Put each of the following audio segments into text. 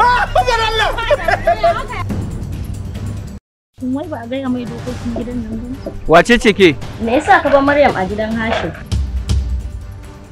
Wai ah, ba mai dokokin gidan nan Wace ce ke? Me yasa ka bar Maryam a gidan Hashim?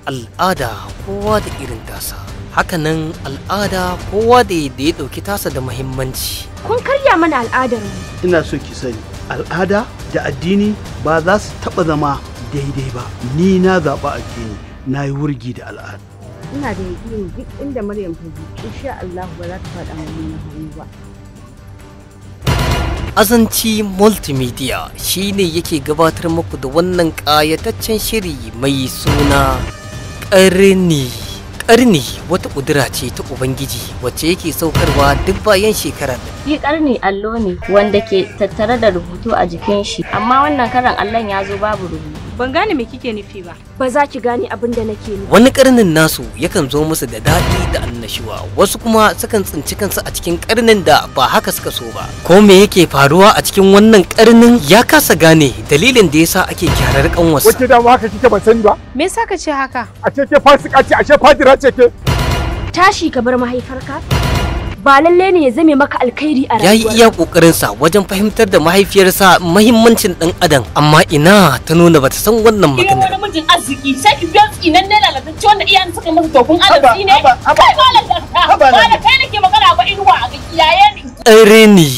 Al'ada kowa da irin tasa. Hakanan al'ada kowa da yadda ya ɗauki tasa da muhimmanci. Kun karya mana al'adar mu. Ina so ki sani, al'ada da addini ba za su taɓa zama daidai ba. Ni na zaɓa addini, na yi wurgi da al'ada. Ina da yaƙinin duk inda Maryam ta je, insha Allah ba za ta faɗa mana hannu ba. Azanci Multimedia shi ne yake gabatar muku da wannan ƙayataccen shiri mai suna ƙarni. Ƙarni wata ƙudura ce ta Ubangiji wacce yake saukarwa duk bayan shekara. Shi ƙarni allo ne wanda ke tattare da rubutu a jikin shi, amma wannan karan allon ya zo babu rubutu. Ban gane me kike nufi ba. Ba za ki gane abin da nake nufi. Wani karnin nasu yakan zo musu da daɗi da annashuwa, wasu kuma sukan tsinci kansu a cikin karnin da ba haka suka so ba. Ko me yake faruwa a cikin wannan karnin ya kasa gane dalilin da yasa ake kyarar kanwasa Wace da haka kike ban sani ba? Me yasa ka ce haka? A ce ke fasika ce, ashe fadira ce ke. Tashi ka bar mahaifarka. ba lalle ne ya zame maka alkhairi a rayuwa. yi iya kokarin sa wajen fahimtar da mahaifiyarsa muhimmancin dan adam amma ina ta nuna bata san wannan magana. Ina wani mijin arziki sai ki biyo nan ne lalatacce wanda iyayen suka masa tokun arziki ne. haba malam da malam kai nake magana ba inuwa a ga iyaye ne. Reni.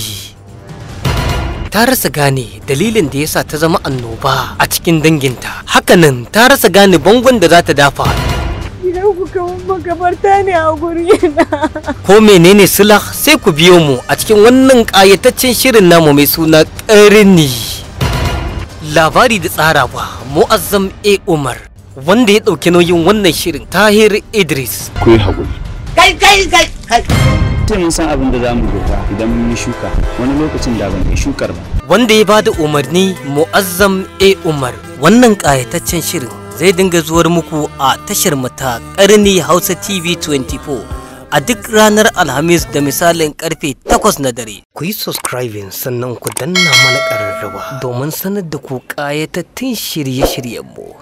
Ta rasa gane dalilin da yasa ta zama annoba a cikin danginta. Hakanan ta rasa gane bangon da za ta dafa gidanku kamar makabarta ne a guri na. Ko menene sulah sai ku biyo mu a cikin wannan ƙayataccen shirin namu mai suna ƙarini. Labari da tsarawa Mu'azzam A. Umar wanda ya ɗauki nauyin wannan shirin Tahir Idris. Ku yi haƙuri. Kai kai kai kai. mun san abin da za mu gota idan mun yi shuka wani lokacin da ban yi shukar ba. Wanda ya bada umarni Mu'azzam A. Umar wannan ƙayataccen shirin zai dinga zuwar muku a tashar mata karni Hausa TV 24 a duk ranar Alhamis da misalin karfe 8 na dare. Ku yi subscribe sannan ku danna mana ƙararrawa domin sanar da ku ƙayatattun shirye-shiryenmu.